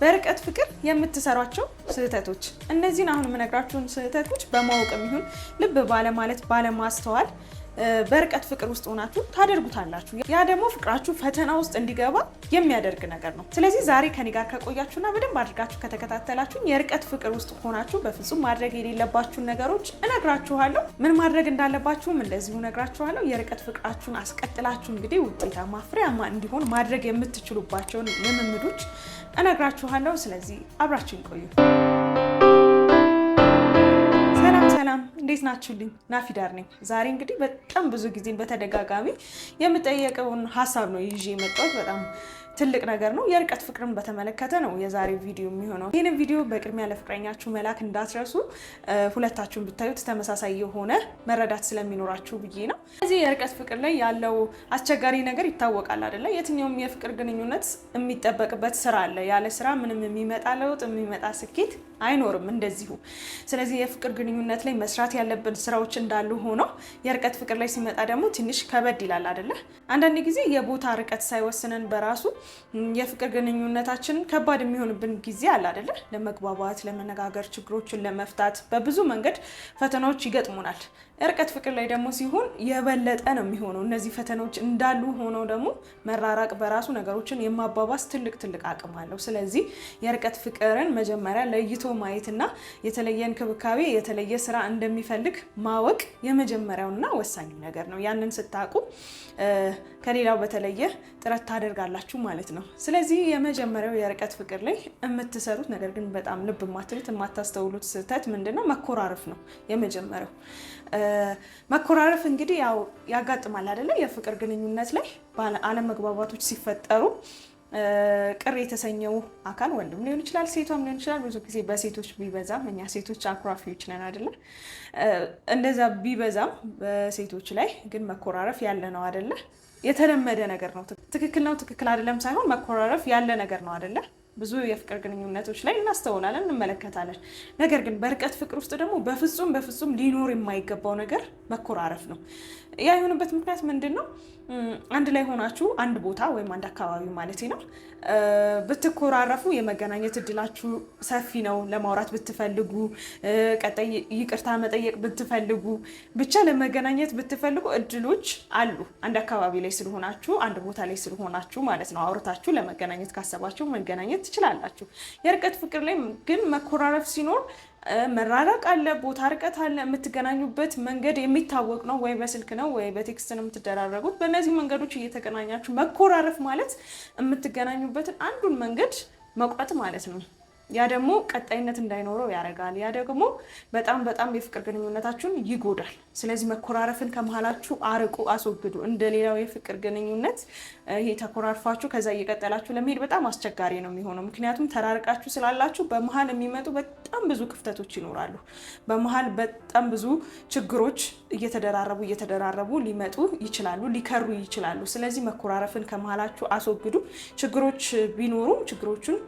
በርቀት ፍቅር የምትሰሯቸው ስህተቶች እነዚህን አሁን የምነግራችሁን ስህተቶች በማወቅ የሚሆን ልብ ባለማለት ባለማስተዋል በርቀት ፍቅር ውስጥ ሆናችሁ ታደርጉታላችሁ። ያ ደግሞ ፍቅራችሁ ፈተና ውስጥ እንዲገባ የሚያደርግ ነገር ነው። ስለዚህ ዛሬ ከኔ ጋር ከቆያችሁና በደንብ አድርጋችሁ ከተከታተላችሁ የርቀት ፍቅር ውስጥ ሆናችሁ በፍጹም ማድረግ የሌለባችሁን ነገሮች እነግራችኋለሁ። ምን ማድረግ እንዳለባችሁም እንደዚሁ እነግራችኋለሁ። የርቀት ፍቅራችሁን አስቀጥላችሁ እንግዲህ ውጤታማ ፍሬያማ እንዲሆን ማድረግ የምትችሉባቸውን ልምምዶች እነግራችኋለሁ። ስለዚህ አብራችሁ ይቆዩ። ሰላም ሰላም፣ እንዴት ናችሁልኝ? ናፊዳር ነኝ። ዛሬ እንግዲህ በጣም ብዙ ጊዜ በተደጋጋሚ የምጠየቀውን ሀሳብ ነው ይዤ የመጣሁት በጣም ትልቅ ነገር ነው። የርቀት ፍቅርን በተመለከተ ነው የዛሬ ቪዲዮ የሚሆነው። ይህንን ቪዲዮ በቅድሚያ ለፍቅረኛችሁ መላክ እንዳትረሱ፣ ሁለታችሁን ብታዩት ተመሳሳይ የሆነ መረዳት ስለሚኖራችሁ ብዬ ነው። እዚህ የርቀት ፍቅር ላይ ያለው አስቸጋሪ ነገር ይታወቃል አደለ? የትኛውም የፍቅር ግንኙነት የሚጠበቅበት ስራ አለ። ያለ ስራ ምንም የሚመጣ ለውጥ የሚመጣ ስኬት አይኖርም እንደዚሁ። ስለዚህ የፍቅር ግንኙነት ላይ መስራት ያለብን ስራዎች እንዳሉ ሆኖ የርቀት ፍቅር ላይ ሲመጣ ደግሞ ትንሽ ከበድ ይላል አደለ? አንዳንድ ጊዜ የቦታ ርቀት ሳይወስነን በራሱ የፍቅር ግንኙነታችን ከባድ የሚሆንብን ጊዜ አለ አይደለ? ለመግባባት፣ ለመነጋገር፣ ችግሮችን ለመፍታት በብዙ መንገድ ፈተናዎች ይገጥሙናል። እርቀት ፍቅር ላይ ደግሞ ሲሆን የበለጠ ነው የሚሆነው። እነዚህ ፈተናዎች እንዳሉ ሆነው ደግሞ መራራቅ በራሱ ነገሮችን የማባባስ ትልቅ ትልቅ አቅም አለው። ስለዚህ የእርቀት ፍቅርን መጀመሪያ ለይቶ ማየትና የተለየ እንክብካቤ የተለየ ስራ እንደሚፈልግ ማወቅ የመጀመሪያውና ወሳኙ ነገር ነው። ያንን ስታውቁ ከሌላው በተለየ ጥረት ታደርጋላችሁ ማለት ማለት ነው። ስለዚህ የመጀመሪያው የርቀት ፍቅር ላይ የምትሰሩት ነገር ግን በጣም ልብ ማትሉት የማታስተውሉት ስህተት ምንድነው? መኮራረፍ ነው የመጀመሪያው። መኮራረፍ እንግዲህ ያው ያጋጥማል አይደለ? የፍቅር ግንኙነት ላይ አለመግባባቶች ሲፈጠሩ ቅር የተሰኘው አካል ወንድም ሊሆን ይችላል፣ ሴቷም ሊሆን ይችላል። ብዙ ጊዜ በሴቶች ቢበዛም እኛ ሴቶች አኩራፊዎች ነን አይደለም? እንደዛ ቢበዛም በሴቶች ላይ ግን መኮራረፍ ያለ ነው አይደለ? የተለመደ ነገር ነው። ትክክል ነው ትክክል አይደለም ሳይሆን መኮራረፍ ያለ ነገር ነው አይደለ? ብዙ የፍቅር ግንኙነቶች ላይ እናስተውላለን፣ እንመለከታለን። ነገር ግን በርቀት ፍቅር ውስጥ ደግሞ በፍጹም በፍጹም ሊኖር የማይገባው ነገር መኮራረፍ ነው። ያ የሆነበት ምክንያት ምንድን ነው? አንድ ላይ ሆናችሁ አንድ ቦታ ወይም አንድ አካባቢ ማለት ነው ብትኮራረፉ የመገናኘት እድላችሁ ሰፊ ነው። ለማውራት ብትፈልጉ፣ ቀጣይ ይቅርታ መጠየቅ ብትፈልጉ፣ ብቻ ለመገናኘት ብትፈልጉ እድሎች አሉ። አንድ አካባቢ ላይ ስለሆናችሁ፣ አንድ ቦታ ላይ ስለሆናችሁ ማለት ነው። አውርታችሁ ለመገናኘት ካሰባችሁ መገናኘት ትችላላችሁ። የርቀት ፍቅር ላይ ግን መኮራረፍ ሲኖር መራራቅ አለ፣ ቦታ ርቀት አለ። የምትገናኙበት መንገድ የሚታወቅ ነው። ወይ በስልክ ነው ወይ በቴክስት ነው የምትደራረጉት። በእነዚህ መንገዶች እየተገናኛችሁ መኮራረፍ ማለት የምትገናኙበትን አንዱን መንገድ መቁረጥ ማለት ነው። ያ ደግሞ ቀጣይነት እንዳይኖረው ያደርጋል። ያ ደግሞ በጣም በጣም የፍቅር ግንኙነታችሁን ይጎዳል። ስለዚህ መኮራረፍን ከመሀላችሁ አርቁ፣ አስወግዱ። እንደሌላው የፍቅር ግንኙነት ይሄ ተኮራርፋችሁ ከዛ እየቀጠላችሁ ለመሄድ በጣም አስቸጋሪ ነው የሚሆነው። ምክንያቱም ተራርቃችሁ ስላላችሁ በመሀል የሚመጡ በጣም ብዙ ክፍተቶች ይኖራሉ። በመሀል በጣም ብዙ ችግሮች እየተደራረቡ እየተደራረቡ ሊመጡ ይችላሉ፣ ሊከሩ ይችላሉ። ስለዚህ መኮራረፍን ከመሀላችሁ አስወግዱ። ችግሮች ቢኖሩም ችግሮቹን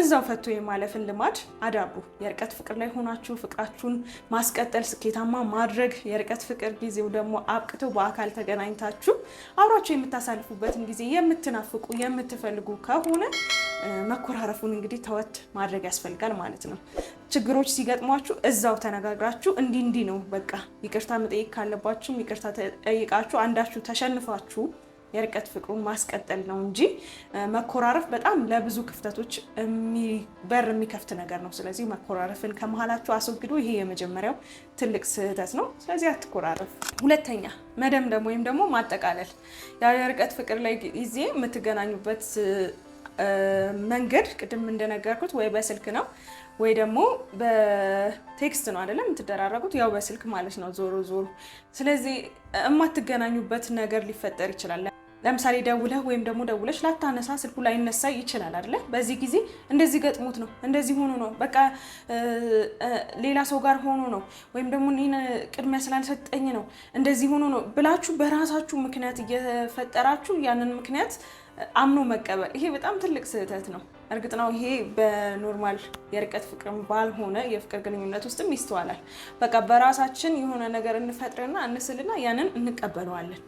እዛው ፈቶ የማለ የማለፍን ልማድ አዳብሩ። የርቀት ፍቅር ላይ ሆናችሁ ፍቅራችሁን ማስቀጠል፣ ስኬታማ ማድረግ የርቀት ፍቅር ጊዜው ደግሞ አብቅቶ በአካል ተገናኝታችሁ አብራችሁ የምታሳልፉበትን ጊዜ የምትናፍቁ የምትፈልጉ ከሆነ መኮራረፉን እንግዲህ ተወት ማድረግ ያስፈልጋል ማለት ነው። ችግሮች ሲገጥሟችሁ እዛው ተነጋግራችሁ እንዲህ እንዲህ ነው በቃ ይቅርታ መጠየቅ ካለባችሁም ይቅርታ ጠይቃችሁ አንዳችሁ ተሸንፋችሁ የርቀት ፍቅሩን ማስቀጠል ነው እንጂ መኮራረፍ በጣም ለብዙ ክፍተቶች በር የሚከፍት ነገር ነው። ስለዚህ መኮራረፍን ከመሀላችሁ አስወግዱ። ይሄ የመጀመሪያው ትልቅ ስህተት ነው። ስለዚህ አትኮራረፍ። ሁለተኛ መደምደም ወይም ደግሞ ማጠቃለል የርቀት ፍቅር ላይ ጊዜ የምትገናኙበት መንገድ ቅድም እንደነገርኩት ወይ በስልክ ነው ወይ ደግሞ በቴክስት ነው አይደለም የምትደራረጉት፣ ያው በስልክ ማለት ነው ዞሮ ዞሮ። ስለዚህ የማትገናኙበት ነገር ሊፈጠር ይችላል። ለምሳሌ ደውለህ ወይም ደግሞ ደውለሽ ላታነሳ ስልኩ ላይነሳ ይችላል አይደለ? በዚህ ጊዜ እንደዚህ ገጥሞት ነው እንደዚህ ሆኖ ነው በቃ ሌላ ሰው ጋር ሆኖ ነው ወይም ደግሞ እኔን ቅድሚያ ስላልሰጠኝ ነው እንደዚህ ሆኖ ነው ብላችሁ በራሳችሁ ምክንያት እየፈጠራችሁ ያንን ምክንያት አምኖ መቀበል ይሄ በጣም ትልቅ ስህተት ነው። እርግጥ ነው ይሄ በኖርማል የርቀት ፍቅርም ባልሆነ የፍቅር ግንኙነት ውስጥም ይስተዋላል። በቃ በራሳችን የሆነ ነገር እንፈጥርና እንስልና ያንን እንቀበለዋለን።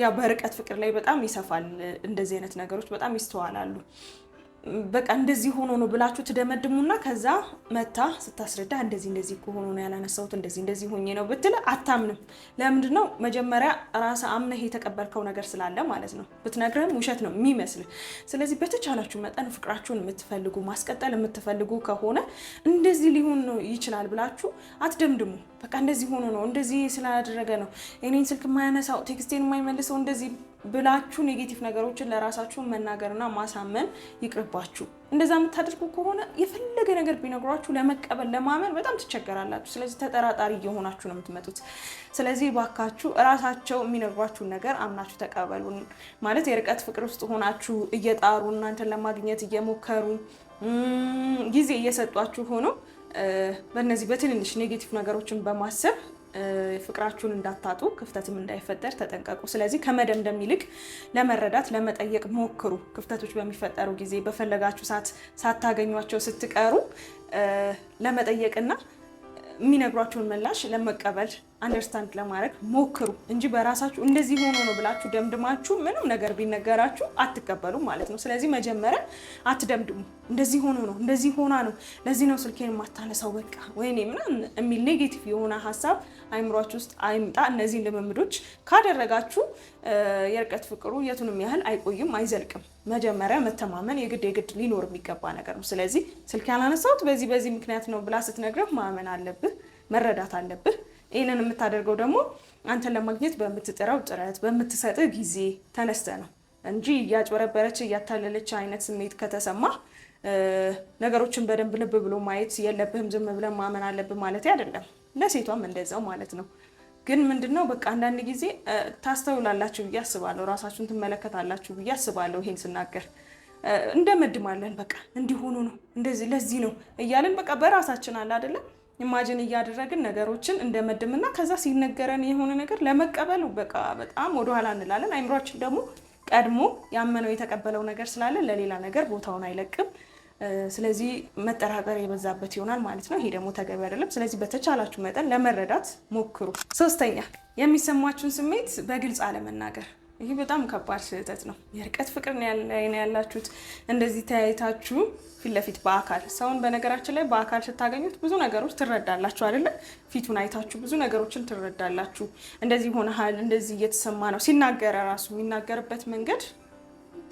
ያ በርቀት ፍቅር ላይ በጣም ይሰፋል። እንደዚህ አይነት ነገሮች በጣም ይስተዋላሉ። በቃ እንደዚህ ሆኖ ነው ብላችሁ ትደመድሙና ከዛ መታ ስታስረዳ እንደዚህ እንደዚህ ከሆኖ ነው ያላነሳሁት እንደዚህ እንደዚህ ሆኜ ነው ብትል አታምንም። ለምንድን ነው መጀመሪያ ራስ አምነህ የተቀበልከው ነገር ስላለ ማለት ነው። ብትነግረም ውሸት ነው የሚመስል ስለዚህ በተቻላችሁ መጠን ፍቅራችሁን የምትፈልጉ ማስቀጠል የምትፈልጉ ከሆነ እንደዚህ ሊሆን ነው ይችላል ብላችሁ አትደምድሙ። በቃ እንደዚህ ሆኖ ነው እንደዚህ ስላደረገ ነው እኔን ስልክ የማያነሳው ቴክስቴን የማይመልሰው እንደዚህ ብላችሁ ኔጌቲቭ ነገሮችን ለራሳችሁ መናገርና ማሳመን ይቅርባችሁ። እንደዛ የምታደርጉ ከሆነ የፈለገ ነገር ቢነግሯችሁ ለመቀበል ለማመን በጣም ትቸገራላችሁ። ስለዚህ ተጠራጣሪ እየሆናችሁ ነው የምትመጡት። ስለዚህ ባካችሁ እራሳቸው የሚነግሯችሁን ነገር አምናችሁ ተቀበሉን። ማለት የርቀት ፍቅር ውስጥ ሆናችሁ እየጣሩ እናንተን ለማግኘት እየሞከሩ ጊዜ እየሰጧችሁ ሆኖ በእነዚህ በትንንሽ ኔጌቲቭ ነገሮችን በማሰብ ፍቅራችሁን እንዳታጡ ክፍተትም እንዳይፈጠር ተጠንቀቁ። ስለዚህ ከመደምደም ይልቅ ለመረዳት ለመጠየቅ ሞክሩ። ክፍተቶች በሚፈጠሩ ጊዜ በፈለጋችሁ ሰዓት ሳታገኟቸው ስትቀሩ ለመጠየቅና የሚነግሯችሁን ምላሽ ለመቀበል አንደርስታንድ ለማድረግ ሞክሩ እንጂ በራሳችሁ እንደዚህ ሆኖ ነው ብላችሁ ደምድማችሁ ምንም ነገር ቢነገራችሁ አትቀበሉ ማለት ነው። ስለዚህ መጀመሪያ አትደምድሙ። እንደዚህ ሆኖ ነው እንደዚህ ሆና ነው ለዚህ ነው ስልኬን የማታነሳው በቃ ወይኔ ምናምን የሚል ኔጌቲቭ የሆነ ሀሳብ አይምሯችሁ ውስጥ አይምጣ። እነዚህን ልምምዶች ካደረጋችሁ የርቀት ፍቅሩ የቱንም ያህል አይቆይም፣ አይዘልቅም። መጀመሪያ መተማመን የግድ የግድ ሊኖር የሚገባ ነገር ነው። ስለዚህ ስልክ ያላነሳሁት በዚህ በዚህ ምክንያት ነው ብላ ስትነግረህ ማመን አለብህ፣ መረዳት አለብህ። ይህንን የምታደርገው ደግሞ አንተን ለማግኘት በምትጥረው ጥረት በምትሰጥህ ጊዜ ተነስተ ነው እንጂ እያጭበረበረች እያታለለች አይነት ስሜት ከተሰማ ነገሮችን በደንብ ልብ ብሎ ማየት የለብህም። ዝም ብለን ማመን አለብህ ማለት አይደለም። ለሴቷም እንደዛው ማለት ነው። ግን ምንድነው በቃ አንዳንድ ጊዜ ታስተውላላችሁ ብዬ አስባለሁ። ራሳችሁን ትመለከታላችሁ ብዬ አስባለሁ። ይሄን ስናገር እንደመድማለን። በቃ እንዲሆኑ ነው እንደዚህ ለዚህ ነው እያለን በቃ በራሳችን አለ አይደለም ኢማጅን እያደረግን ነገሮችን እንደመድምና ከዛ ሲነገረን የሆነ ነገር ለመቀበሉ በቃ በጣም ወደኋላ እንላለን። አይምሯችን ደግሞ ቀድሞ ያመነው የተቀበለው ነገር ስላለ ለሌላ ነገር ቦታውን አይለቅም። ስለዚህ መጠራጠር የበዛበት ይሆናል ማለት ነው። ይሄ ደግሞ ተገቢ አይደለም። ስለዚህ በተቻላችሁ መጠን ለመረዳት ሞክሩ። ሶስተኛ የሚሰማችሁን ስሜት በግልጽ አለመናገር ይሄ በጣም ከባድ ስህተት ነው። የርቀት ፍቅር ነው ያላችሁት። እንደዚህ ተያይታችሁ ፊት ለፊት በአካል ሰውን በነገራችን ላይ በአካል ስታገኙት ብዙ ነገሮች ትረዳላችሁ አይደለ? ፊቱን አይታችሁ ብዙ ነገሮችን ትረዳላችሁ። እንደዚህ ሆነሃል፣ እንደዚህ እየተሰማ ነው ሲናገር ራሱ የሚናገርበት መንገድ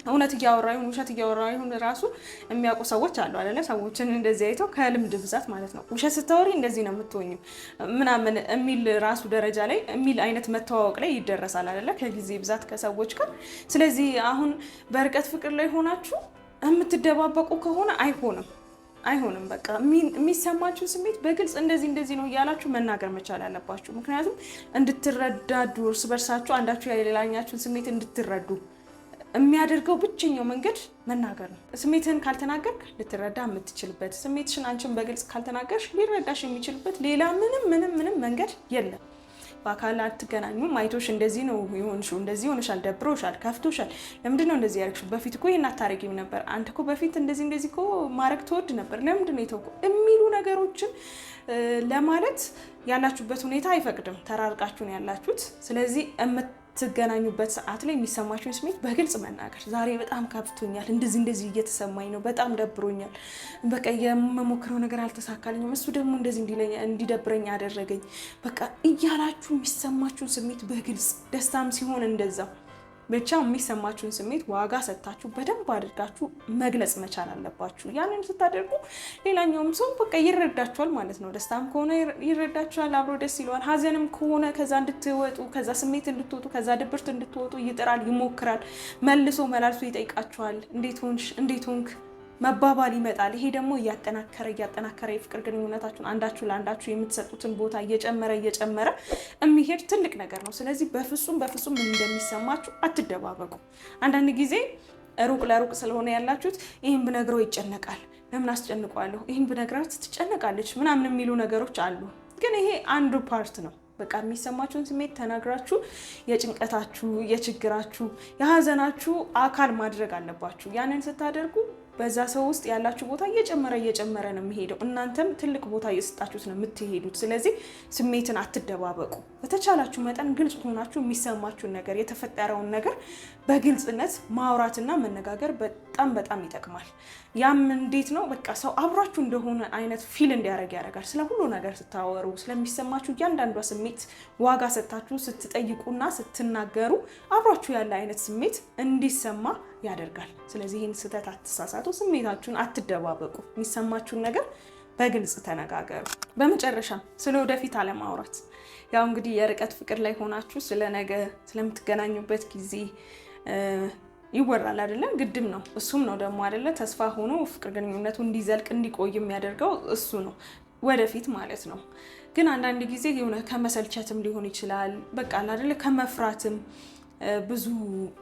እውነት እያወራ ይሁን ውሸት እያወራ ይሁን ራሱ የሚያውቁ ሰዎች አሉ አይደለ? ሰዎችን እንደዚህ አይተው ከልምድ ብዛት ማለት ነው ውሸት ስታወሪ እንደዚህ ነው የምትሆኝም ምናምን የሚል ራሱ ደረጃ ላይ የሚል አይነት መተዋወቅ ላይ ይደረሳል አይደለ? ከጊዜ ብዛት ከሰዎች ጋር። ስለዚህ አሁን በርቀት ፍቅር ላይ ሆናችሁ የምትደባበቁ ከሆነ አይሆንም አይሆንም በቃ የሚሰማችሁ ስሜት በግልጽ እንደዚህ እንደዚህ ነው እያላችሁ መናገር መቻል አለባችሁ። ምክንያቱም እንድትረዳዱ እርስ በርሳችሁ አንዳችሁ የሌላኛችሁን ስሜት እንድትረዱ የሚያደርገው ብቸኛው መንገድ መናገር ነው። ስሜትህን ካልተናገርክ ልትረዳ የምትችልበት ስሜትሽን አንቺን በግልጽ ካልተናገርሽ ሊረዳሽ የሚችልበት ሌላ ምንም ምንም ምንም መንገድ የለም። በአካል አትገናኙም። አይቶሽ እንደዚህ ነው የሆንሽው፣ እንደዚህ ሆነሻል፣ ደብሮሻል፣ ከፍቶሻል፣ ለምንድን ነው እንደዚህ ያደርግሽው? በፊት እኮ ይህን አታረጊም ነበር፣ አንተ እኮ በፊት እንደዚህ እንደዚህ እኮ ማድረግ ትወድ ነበር፣ ለምንድን ነው የተውከው? የሚሉ ነገሮችን ለማለት ያላችሁበት ሁኔታ አይፈቅድም። ተራርቃችሁ ነው ያላችሁት። ስለዚህ ትገናኙበት ሰዓት ላይ የሚሰማችሁን ስሜት በግልጽ መናገር። ዛሬ በጣም ከፍቶኛል፣ እንደዚህ እንደዚህ እየተሰማኝ ነው፣ በጣም ደብሮኛል፣ በቃ የምሞክረው ነገር አልተሳካልኝም፣ እሱ ደግሞ እንደዚህ እንዲደብረኝ አደረገኝ፣ በቃ እያላችሁ የሚሰማችሁን ስሜት በግልጽ ደስታም ሲሆን እንደዛው ብቻ የሚሰማችሁን ስሜት ዋጋ ሰጥታችሁ በደንብ አድርጋችሁ መግለጽ መቻል አለባችሁ። ያንን ስታደርጉ ሌላኛውም ሰው በቃ ይረዳችኋል ማለት ነው። ደስታም ከሆነ ይረዳችኋል፣ አብሮ ደስ ይለዋል። ሀዘንም ከሆነ ከዛ እንድትወጡ ከዛ ስሜት እንድትወጡ ከዛ ድብርት እንድትወጡ ይጥራል፣ ይሞክራል። መልሶ መላልሶ ይጠይቃችኋል። እንዴት ሆንሽ? እንዴት ሆንክ መባባል ይመጣል። ይሄ ደግሞ እያጠናከረ እያጠናከረ የፍቅር ግንኙነታችሁን አንዳችሁ ለአንዳችሁ የምትሰጡትን ቦታ እየጨመረ እየጨመረ የሚሄድ ትልቅ ነገር ነው። ስለዚህ በፍጹም በፍጹም ምን እንደሚሰማችሁ አትደባበቁ። አንዳንድ ጊዜ ሩቅ ለሩቅ ስለሆነ ያላችሁት ይህን ብነግረው ይጨነቃል፣ ለምን አስጨንቋለሁ፣ ይህን ብነግራት ትጨነቃለች ምናምን የሚሉ ነገሮች አሉ። ግን ይሄ አንዱ ፓርት ነው። በቃ የሚሰማችሁን ስሜት ተናግራችሁ የጭንቀታችሁ፣ የችግራችሁ፣ የሀዘናችሁ አካል ማድረግ አለባችሁ። ያንን ስታደርጉ በዛ ሰው ውስጥ ያላችሁ ቦታ እየጨመረ እየጨመረ ነው የሚሄደው። እናንተም ትልቅ ቦታ እየሰጣችሁት ነው የምትሄዱት። ስለዚህ ስሜትን አትደባበቁ። በተቻላችሁ መጠን ግልጽ ሆናችሁ የሚሰማችሁን ነገር፣ የተፈጠረውን ነገር በግልጽነት ማውራትና መነጋገር በጣም በጣም ይጠቅማል። ያም እንዴት ነው በቃ ሰው አብሯችሁ እንደሆነ አይነት ፊል እንዲያደርግ ያደርጋል። ስለ ሁሉ ነገር ስታወሩ፣ ስለሚሰማችሁ እያንዳንዷ ስሜት ዋጋ ሰጥታችሁ ስትጠይቁና ስትናገሩ አብሯችሁ ያለ አይነት ስሜት እንዲሰማ ያደርጋል። ስለዚህ ይህን ስህተት አትሳሳቱ፣ ስሜታችሁን አትደባበቁ፣ የሚሰማችሁን ነገር በግልጽ ተነጋገሩ። በመጨረሻም ስለ ወደፊት አለማውራት ያው እንግዲህ የርቀት ፍቅር ላይ ሆናችሁ ስለ ነገ ስለምትገናኙበት ጊዜ ይወራል አይደለም ግድም ነው። እሱም ነው ደግሞ አይደለ? ተስፋ ሆኖ ፍቅር ግንኙነቱ እንዲዘልቅ እንዲቆይ የሚያደርገው እሱ ነው፣ ወደፊት ማለት ነው። ግን አንዳንድ ጊዜ የሆነ ከመሰልቸትም ሊሆን ይችላል። በቃ አይደለ? ከመፍራትም ብዙ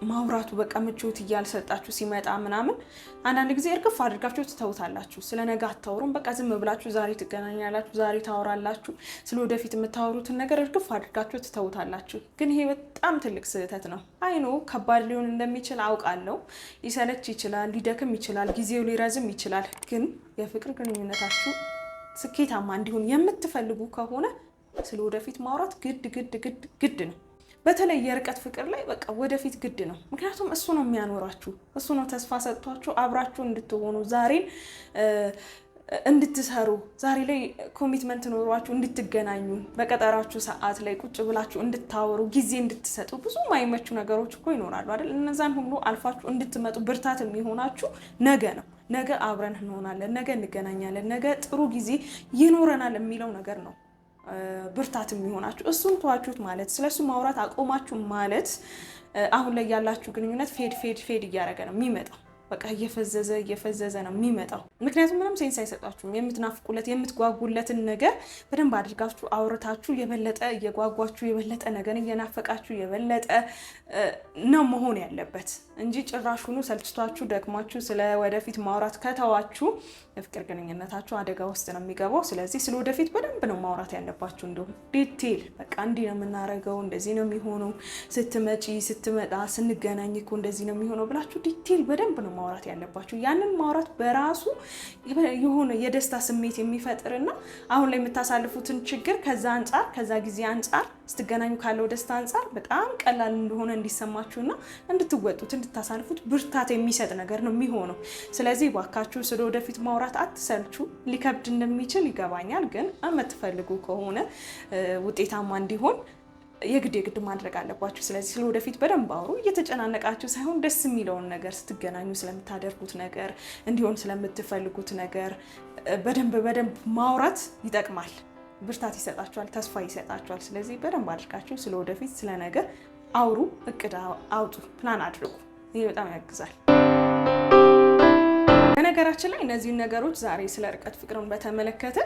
ማውራቱ በቃ ምቾት እያልሰጣችሁ ሲመጣ ምናምን አንዳንድ ጊዜ እርግፍ አድርጋችሁ ትተውታላችሁ። ስለ ነገ አታወሩም። በቃ ዝም ብላችሁ ዛሬ ትገናኛላችሁ፣ ዛሬ ታወራላችሁ። ስለ ወደፊት የምታወሩትን ነገር እርግፍ አድርጋችሁ ትተውታላችሁ። ግን ይሄ በጣም ትልቅ ስህተት ነው። አይኖ ከባድ ሊሆን እንደሚችል አውቃለሁ። ሊሰለች ይችላል፣ ሊደክም ይችላል፣ ጊዜው ሊረዝም ይችላል። ግን የፍቅር ግንኙነታችሁ ስኬታማ እንዲሆን የምትፈልጉ ከሆነ ስለ ወደፊት ማውራት ግድ ግድ ግድ ግድ ነው። በተለይ የርቀት ፍቅር ላይ በቃ ወደፊት ግድ ነው። ምክንያቱም እሱ ነው የሚያኖራችሁ፣ እሱ ነው ተስፋ ሰጥቷችሁ አብራችሁ እንድትሆኑ ዛሬን እንድትሰሩ ዛሬ ላይ ኮሚትመንት ኖሯችሁ እንድትገናኙ በቀጠራችሁ ሰዓት ላይ ቁጭ ብላችሁ እንድታወሩ ጊዜ እንድትሰጡ ብዙ ማይመቹ ነገሮች እኮ ይኖራሉ አይደል? እነዛን ሁሉ አልፋችሁ እንድትመጡ ብርታት የሚሆናችሁ ነገ ነው። ነገ አብረን እንሆናለን፣ ነገ እንገናኛለን፣ ነገ ጥሩ ጊዜ ይኖረናል የሚለው ነገር ነው ብርታት የሚሆናችሁ እሱን ተዋችሁት ማለት ስለሱ ማውራት አቆማችሁ ማለት አሁን ላይ ያላችሁ ግንኙነት ፌድ ፌድ ፌድ እያደረገ ነው የሚመጣው። በቃ እየፈዘዘ እየፈዘዘ ነው የሚመጣው። ምክንያቱም ምንም ሴንስ አይሰጣችሁም። የምትናፍቁለት የምትጓጉለትን ነገር በደንብ አድርጋችሁ አውርታችሁ የበለጠ እየጓጓችሁ የበለጠ ነገር እየናፈቃችሁ የበለጠ ነው መሆን ያለበት እንጂ ጭራሹኑ ሰልችቷችሁ ደክማችሁ ስለ ወደፊት ማውራት ከተዋችሁ የፍቅር ግንኙነታችሁ አደጋ ውስጥ ነው የሚገባው። ስለዚህ ስለ ወደፊት በደንብ ነው ማውራት ያለባችሁ። እንዲሁም ዲቴል በቃ እንዲህ ነው የምናደርገው እንደዚህ ነው የሚሆነው፣ ስትመጪ ስትመጣ፣ ስንገናኝ እኮ እንደዚህ ነው የሚሆነው ብላችሁ ዲቴል በደንብ ነው ማውራት ያለባችሁ። ያንን ማውራት በራሱ የሆነ የደስታ ስሜት የሚፈጥርና አሁን ላይ የምታሳልፉትን ችግር ከዛ አንጻር ከዛ ጊዜ አንጻር ስትገናኙ ካለው ደስታ አንጻር በጣም ቀላል እንደሆነ እንዲሰማችሁና እንድትወጡት እንድታሳልፉት ብርታት የሚሰጥ ነገር ነው የሚሆነው። ስለዚህ ባካችሁ ስለ ወደፊት ማውራት አትሰልቹ። ሊከብድ እንደሚችል ይገባኛል፣ ግን የምትፈልጉ ከሆነ ውጤታማ እንዲሆን የግድ የግድ ማድረግ አለባችሁ። ስለዚህ ስለ ወደፊት በደንብ አውሩ። እየተጨናነቃችሁ ሳይሆን ደስ የሚለውን ነገር ስትገናኙ ስለምታደርጉት ነገር እንዲሆን ስለምትፈልጉት ነገር በደንብ በደንብ ማውራት ይጠቅማል። ብርታት ይሰጣችኋል፣ ተስፋ ይሰጣችኋል። ስለዚህ በደንብ አድርጋችሁ ስለ ወደፊት ስለ ነገር አውሩ፣ እቅድ አውጡ፣ ፕላን አድርጉ። ይህ በጣም ያግዛል። በነገራችን ላይ እነዚህን ነገሮች ዛሬ ስለ ርቀት ፍቅርን በተመለከተ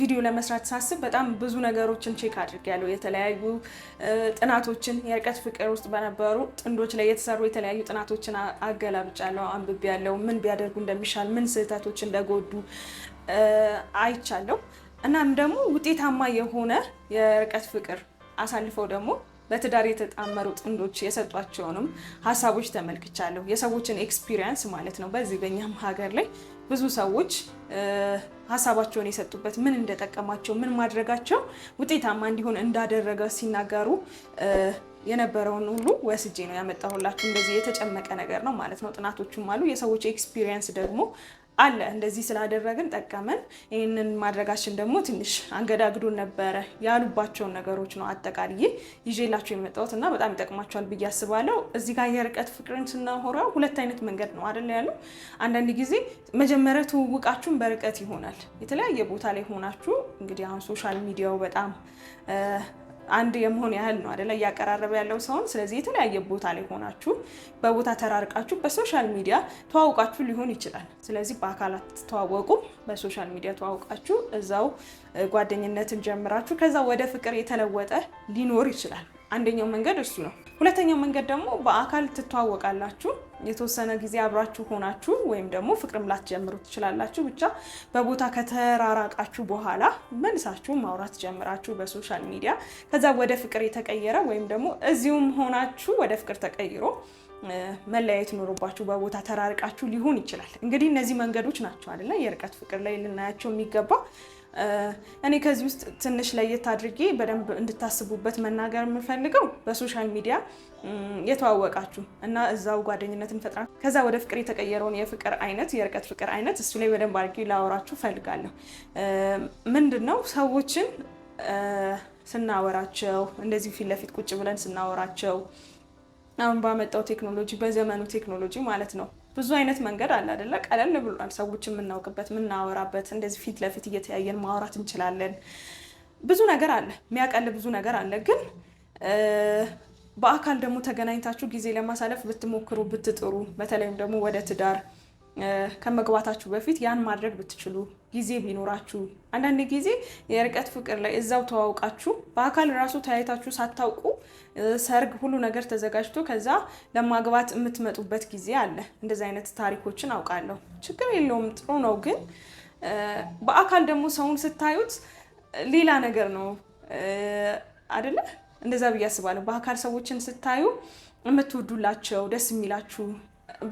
ቪዲዮ ለመስራት ሳስብ በጣም ብዙ ነገሮችን ቼክ አድርጊያለሁ። የተለያዩ ጥናቶችን የርቀት ፍቅር ውስጥ በነበሩ ጥንዶች ላይ የተሰሩ የተለያዩ ጥናቶችን አገላብጫለሁ፣ አንብቤያለሁ። ምን ቢያደርጉ እንደሚሻል፣ ምን ስህተቶች እንደጎዱ አይቻለሁ። እናም ደግሞ ውጤታማ የሆነ የርቀት ፍቅር አሳልፈው ደግሞ በትዳር የተጣመሩ ጥንዶች የሰጧቸውንም ሀሳቦች ተመልክቻለሁ። የሰዎችን ኤክስፒሪየንስ ማለት ነው። በዚህ በእኛም ሀገር ላይ ብዙ ሰዎች ሀሳባቸውን የሰጡበት ምን እንደጠቀማቸው፣ ምን ማድረጋቸው ውጤታማ እንዲሆን እንዳደረገ ሲናገሩ የነበረውን ሁሉ ወስጄ ነው ያመጣሁላችሁ። እንደዚህ የተጨመቀ ነገር ነው ማለት ነው። ጥናቶቹም አሉ። የሰዎች ኤክስፒሪየንስ ደግሞ አለ እንደዚህ ስላደረግን ጠቀመን። ይህንን ማድረጋችን ደግሞ ትንሽ አንገዳግዶን ነበረ ያሉባቸውን ነገሮች ነው አጠቃልዬ ይዤላቸው የመጣሁት እና በጣም ይጠቅማቸዋል ብዬ አስባለሁ። እዚህ ጋር የርቀት ፍቅርን ስናወራ ሁለት አይነት መንገድ ነው አደለ ያለው። አንዳንድ ጊዜ መጀመሪያ ትውውቃችሁን በርቀት ይሆናል። የተለያየ ቦታ ላይ ሆናችሁ እንግዲህ አሁን ሶሻል ሚዲያው በጣም አንድ የመሆን ያህል ነው አደለ እያቀራረበ ያለው ሰውን። ስለዚህ የተለያየ ቦታ ላይ ሆናችሁ በቦታ ተራርቃችሁ በሶሻል ሚዲያ ተዋውቃችሁ ሊሆን ይችላል። ስለዚህ በአካል አትተዋወቁ፣ በሶሻል ሚዲያ ተዋውቃችሁ እዛው ጓደኝነትን ጀምራችሁ ከዛ ወደ ፍቅር የተለወጠ ሊኖር ይችላል። አንደኛው መንገድ እሱ ነው። ሁለተኛው መንገድ ደግሞ በአካል ትተዋወቃላችሁ። የተወሰነ ጊዜ አብራችሁ ሆናችሁ ወይም ደግሞ ፍቅርም ላትጀምሩ ትችላላችሁ። ብቻ በቦታ ከተራራቃችሁ በኋላ መልሳችሁ ማውራት ጀምራችሁ በሶሻል ሚዲያ ከዛ ወደ ፍቅር የተቀየረ ወይም ደግሞ እዚሁም ሆናችሁ ወደ ፍቅር ተቀይሮ መለያየት ኖሮባችሁ በቦታ ተራርቃችሁ ሊሆን ይችላል። እንግዲህ እነዚህ መንገዶች ናቸው አይደለ የርቀት ፍቅር ላይ ልናያቸው የሚገባ። እኔ ከዚህ ውስጥ ትንሽ ለየት አድርጌ በደንብ እንድታስቡበት መናገር የምፈልገው በሶሻል ሚዲያ የተዋወቃችሁ እና እዛው ጓደኝነትን እንፈጥራ ከዛ ወደ ፍቅር የተቀየረውን የፍቅር አይነት የርቀት ፍቅር አይነት እሱ ላይ በደንብ አድርጌ ላወራችሁ ፈልጋለሁ። ምንድን ነው ሰዎችን ስናወራቸው እንደዚህ ፊት ለፊት ቁጭ ብለን ስናወራቸው አሁን ባመጣው ቴክኖሎጂ በዘመኑ ቴክኖሎጂ ማለት ነው ብዙ አይነት መንገድ አለ አደለ? ቀለል ብሏል። ሰዎች የምናውቅበት የምናወራበት፣ እንደዚህ ፊት ለፊት እየተያየን ማውራት እንችላለን። ብዙ ነገር አለ የሚያቀል ብዙ ነገር አለ። ግን በአካል ደግሞ ተገናኝታችሁ ጊዜ ለማሳለፍ ብትሞክሩ ብትጥሩ፣ በተለይም ደግሞ ወደ ትዳር ከመግባታችሁ በፊት ያን ማድረግ ብትችሉ ጊዜ ቢኖራችሁ አንዳንድ ጊዜ የርቀት ፍቅር ላይ እዛው ተዋውቃችሁ በአካል ራሱ ተያይታችሁ ሳታውቁ ሰርግ፣ ሁሉ ነገር ተዘጋጅቶ ከዛ ለማግባት የምትመጡበት ጊዜ አለ። እንደዚህ አይነት ታሪኮችን አውቃለሁ። ችግር የለውም ጥሩ ነው። ግን በአካል ደግሞ ሰውን ስታዩት ሌላ ነገር ነው አደለ? እንደዛ ብዬ አስባለሁ። በአካል ሰዎችን ስታዩ የምትወዱላቸው ደስ የሚላችሁ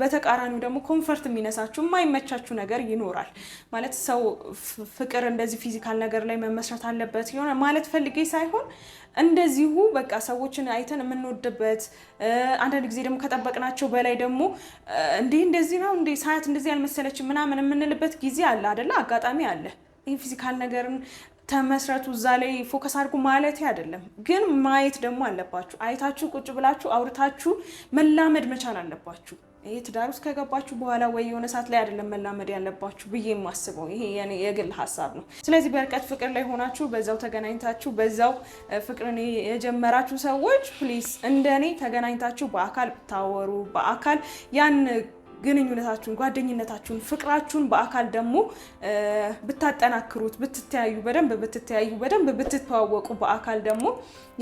በተቃራኒው ደግሞ ኮንፈርት የሚነሳችሁ የማይመቻችሁ ነገር ይኖራል። ማለት ሰው ፍቅር እንደዚህ ፊዚካል ነገር ላይ መመስረት አለበት የሆነ ማለት ፈልጌ ሳይሆን እንደዚሁ በቃ ሰዎችን አይተን የምንወድበት አንዳንድ ጊዜ ደግሞ ከጠበቅናቸው በላይ ደግሞ እንዲህ እንደዚህ ነው እንደ ሳያት እንደዚህ ያልመሰለችን ምናምን የምንልበት ጊዜ አለ አደለ? አጋጣሚ አለ። ይህ ፊዚካል ነገርን ተመስረቱ እዛ ላይ ፎከስ አድርጉ ማለት አይደለም፣ ግን ማየት ደግሞ አለባችሁ። አይታችሁ ቁጭ ብላችሁ አውርታችሁ መላመድ መቻል አለባችሁ። ይሄ ትዳር ውስጥ ከገባችሁ በኋላ ወይ የሆነ ሰዓት ላይ አይደለም መላመድ ያለባችሁ ብዬ የማስበው ይሄ የኔ የግል ሀሳብ ነው። ስለዚህ በርቀት ፍቅር ላይ ሆናችሁ በዛው ተገናኝታችሁ በዛው ፍቅርን የጀመራችሁ ሰዎች ፕሊስ እንደኔ ተገናኝታችሁ በአካል ብታወሩ በአካል ያን ግንኙነታችሁን፣ ጓደኝነታችሁን፣ ፍቅራችሁን በአካል ደግሞ ብታጠናክሩት፣ ብትተያዩ በደንብ ብትተያዩ፣ በደንብ ብትተዋወቁ በአካል ደግሞ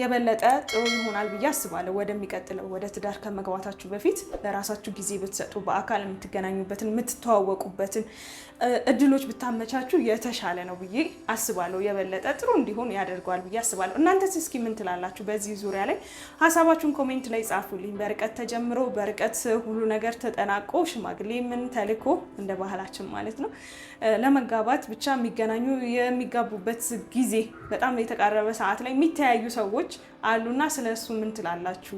የበለጠ ጥሩ ይሆናል ብዬ አስባለሁ። ወደሚቀጥለው ወደ ትዳር ከመግባታችሁ በፊት ለራሳችሁ ጊዜ ብትሰጡ፣ በአካል የምትገናኙበትን የምትተዋወቁበትን እድሎች ብታመቻችሁ የተሻለ ነው ብዬ አስባለሁ። የበለጠ ጥሩ እንዲሆን ያደርገዋል ብዬ አስባለሁ። እናንተስ እስኪ ምን ትላላችሁ? በዚህ ዙሪያ ላይ ሀሳባችሁን ኮሜንት ላይ ጻፉልኝ። በርቀት ተጀምሮ በርቀት ሁሉ ነገር ተጠናቆ ሽማግሌ ምን ተልኮ እንደ ባህላችን ማለት ነው ለመጋባት ብቻ የሚገናኙ የሚጋቡበት ጊዜ በጣም የተቃረበ ሰዓት ላይ የሚተያዩ ሰዎች አሉና ስለ እሱ ምን ትላላችሁ?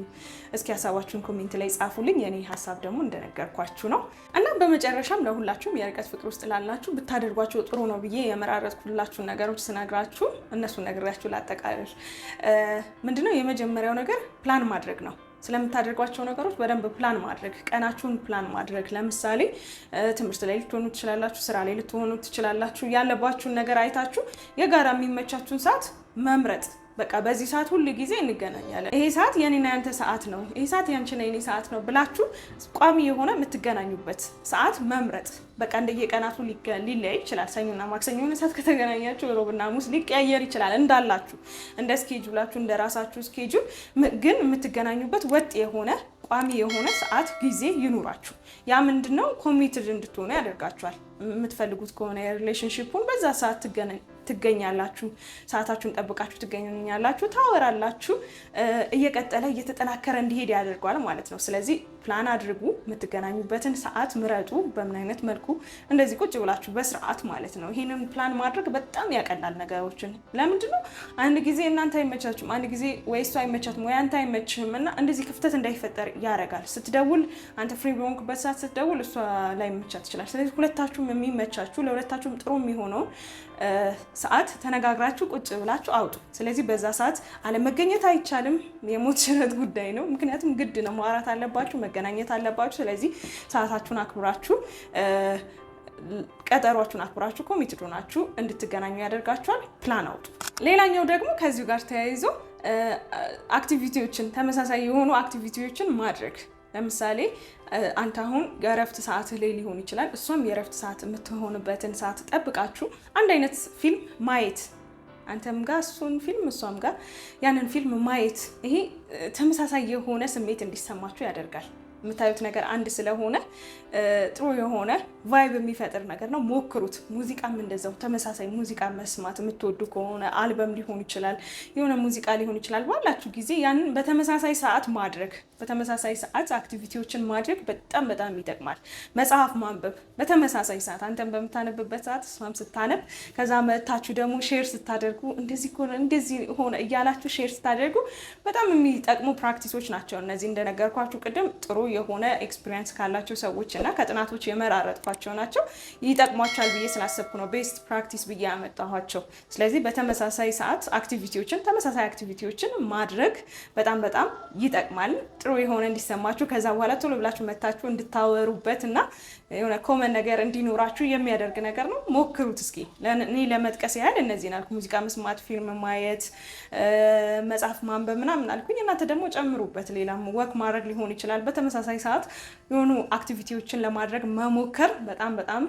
እስኪ ሀሳባችሁን ኮሜንት ላይ ጻፉልኝ። የኔ ሀሳብ ደግሞ እንደነገርኳችሁ ነው እና በመጨረሻም ለሁላችሁም የርቀት ፍቅር ውስጥ ላላችሁ ብታደርጓቸው ጥሩ ነው ብዬ የመራረጥኩላችሁን ነገሮች ስነግራችሁ እነሱን ነግራችሁ ላጠቃልል ምንድነው የመጀመሪያው ነገር ፕላን ማድረግ ነው። ስለምታደርጓቸው ነገሮች በደንብ ፕላን ማድረግ ቀናችሁን ፕላን ማድረግ ለምሳሌ ትምህርት ላይ ልትሆኑ ትችላላችሁ፣ ስራ ላይ ልትሆኑ ትችላላችሁ። ያለባችሁን ነገር አይታችሁ የጋራ የሚመቻችሁን ሰዓት መምረጥ በቃ በዚህ ሰዓት ሁል ጊዜ እንገናኛለን። ይሄ ሰዓት የኔና ያንተ ሰዓት ነው፣ ይሄ ሰዓት ያንቺና የኔ ሰዓት ነው ብላችሁ ቋሚ የሆነ የምትገናኙበት ሰዓት መምረጥ። በቃ እንደየቀናቱ ሊለያይ ይችላል። ሰኞና ማክሰኞ የሆነ ሰዓት ከተገናኛችሁ፣ ሮብና ሐሙስ ሊቀያየር ይችላል። እንዳላችሁ እንደ ስኬጁላችሁ እንደ ራሳችሁ ስኬጁል ግን የምትገናኙበት ወጥ የሆነ ቋሚ የሆነ ሰዓት ጊዜ ይኑራችሁ። ያ ምንድነው ኮሚትድ እንድትሆኑ ያደርጋችኋል። የምትፈልጉት ከሆነ የሪሌሽንሽፑን በዛ ሰዓት ትገናኝ ትገኛላችሁ። ሰዓታችሁን ጠብቃችሁ ትገኛላችሁ፣ ታወራላችሁ። እየቀጠለ እየተጠናከረ እንዲሄድ ያደርገዋል ማለት ነው። ስለዚህ ፕላን አድርጉ፣ የምትገናኙበትን ሰዓት ምረጡ፣ በምን አይነት መልኩ እንደዚህ ቁጭ ብላችሁ በስርዓት ማለት ነው። ይህንን ፕላን ማድረግ በጣም ያቀላል ነገሮችን። ለምንድን ነው አንድ ጊዜ እናንተ አይመቻችሁም፣ አንድ ጊዜ ወይ እሱ አይመቻትም፣ ወይ አንተ አይመችህም እና እንደዚህ ክፍተት እንዳይፈጠር ያደርጋል። ስትደውል አንተ ፍሪ በሆንክበት ሰዓት ስትደውል እሷ ላይ መቻት ይችላል። ስለዚህ ሁለታችሁም የሚመቻችሁ ለሁለታችሁም ጥሩ የሚሆነው ሰዓት ተነጋግራችሁ ቁጭ ብላችሁ አውጡ። ስለዚህ በዛ ሰዓት አለመገኘት አይቻልም፣ የሞት ሽረት ጉዳይ ነው። ምክንያቱም ግድ ነው ማውራት አለባችሁ መገናኘት አለባችሁ። ስለዚህ ሰዓታችሁን አክብራችሁ ቀጠሯችሁን አክብራችሁ ኮሚትዶ ናችሁ እንድትገናኙ ያደርጋችኋል። ፕላን አውጡ። ሌላኛው ደግሞ ከዚሁ ጋር ተያይዞ አክቲቪቲዎችን ተመሳሳይ የሆኑ አክቲቪቲዎችን ማድረግ ለምሳሌ አንተ አሁን የእረፍት ሰዓት ላይ ሊሆን ይችላል። እሷም የእረፍት ሰዓት የምትሆንበትን ሰዓት ጠብቃችሁ አንድ አይነት ፊልም ማየት አንተም ጋር እሱን ፊልም እሷም ጋር ያንን ፊልም ማየት፣ ይሄ ተመሳሳይ የሆነ ስሜት እንዲሰማችሁ ያደርጋል። የምታዩት ነገር አንድ ስለሆነ ጥሩ የሆነ ቫይብ የሚፈጥር ነገር ነው። ሞክሩት። ሙዚቃም እንደዛው ተመሳሳይ ሙዚቃ መስማት የምትወዱ ከሆነ አልበም ሊሆን ይችላል፣ የሆነ ሙዚቃ ሊሆን ይችላል። ባላችሁ ጊዜ ያንን በተመሳሳይ ሰዓት ማድረግ በተመሳሳይ ሰዓት አክቲቪቲዎችን ማድረግ በጣም በጣም ይጠቅማል። መጽሐፍ ማንበብ በተመሳሳይ ሰዓት አንተን በምታነብበት ሰዓት እሷም ስታነብ፣ ከዛ መታችሁ ደግሞ ሼር ስታደርጉ እንደዚህ ሆነ እንደዚህ ሆነ እያላችሁ ሼር ስታደርጉ በጣም የሚጠቅሙ ፕራክቲሶች ናቸው እነዚህ እንደነገርኳችሁ ቅድም ጥሩ የሆነ ኤክስፒሪየንስ ካላቸው ሰዎች እና ከጥናቶች የመራረጥኳቸው ናቸው። ይጠቅሟቸዋል ብዬ ስላሰብኩ ነው ቤስት ፕራክቲስ ብዬ ያመጣኋቸው። ስለዚህ በተመሳሳይ ሰዓት አክቲቪቲዎችን ተመሳሳይ አክቲቪቲዎችን ማድረግ በጣም በጣም ይጠቅማል። ጥሩ የሆነ እንዲሰማችሁ ከዛ በኋላ ቶሎ ብላችሁ መታችሁ እንድታወሩበት እና የሆነ ኮመን ነገር እንዲኖራችሁ የሚያደርግ ነገር ነው። ሞክሩት እስኪ። እኔ ለመጥቀስ ያህል እነዚህን አልኩ፣ ሙዚቃ መስማት፣ ፊልም ማየት፣ መጽሐፍ ማንበብ ምናምን አልኩኝ። እናንተ ደግሞ ጨምሩበት። ሌላም ወክ ማድረግ ሊሆን ይችላል። በተመሳሳይ ሰዓት የሆኑ አክቲቪቲዎች ነገሮችን ለማድረግ መሞከር በጣም በጣም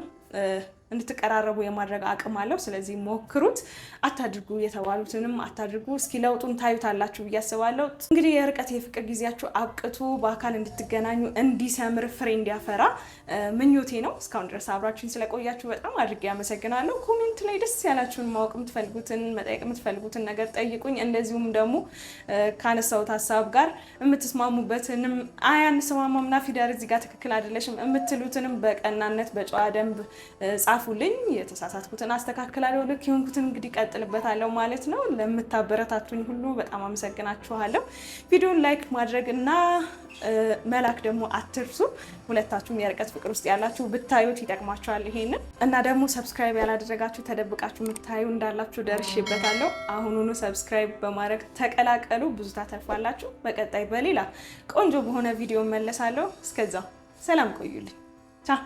እንድትቀራረቡ የማድረግ አቅም አለው። ስለዚህ ሞክሩት። አታድርጉ የተባሉትንም አታድርጉ። እስኪ ለውጡን ታዩታላችሁ ብዬ አስባለሁ። እንግዲህ የርቀት የፍቅር ጊዜያችሁ አብቅቱ። በአካል እንድትገናኙ እንዲሰምር ፍሬ እንዲያፈራ ምኞቴ ነው። እስካሁን ድረስ አብራችሁን ስለቆያችሁ በጣም አድርጌ አመሰግናለሁ። ኮሜንት ላይ ደስ ያላችሁን ማወቅ የምትፈልጉትን መጠየቅ የምትፈልጉትን ነገር ጠይቁኝ። እንደዚሁም ደግሞ ካነሳሁት ሀሳብ ጋር የምትስማሙበትንም አይ ና ፊደር እዚህ ጋር ትክክል አይደለሽም የምትሉትንም በቀናነት በጨዋ ደንብ ጻፉልኝ። የተሳሳትኩትን አስተካክላለሁ። ልክ የሆንኩትን እንግዲህ ቀጥልበታለሁ ማለት ነው። ለምታበረታቱኝ ሁሉ በጣም አመሰግናችኋለሁ። ቪዲዮን ላይክ ማድረግ እና መላክ ደግሞ አትርሱ። ሁለታችሁም የርቀት ፍቅር ውስጥ ያላችሁ ብታዩት ይጠቅማችኋል። ይሄንን እና ደግሞ ሰብስክራይብ ያላደረጋችሁ ተደብቃችሁ የምታዩ እንዳላችሁ ደርሽበታለሁ። አሁኑኑ ሰብስክራይብ በማድረግ ተቀላቀሉ። ብዙ ታተርፋላችሁ። በቀጣይ በሌላ ቆንጆ በሆነ ቪዲዮ መለሳለሁ። እስከዛው ሰላም ቆዩልኝ። ቻ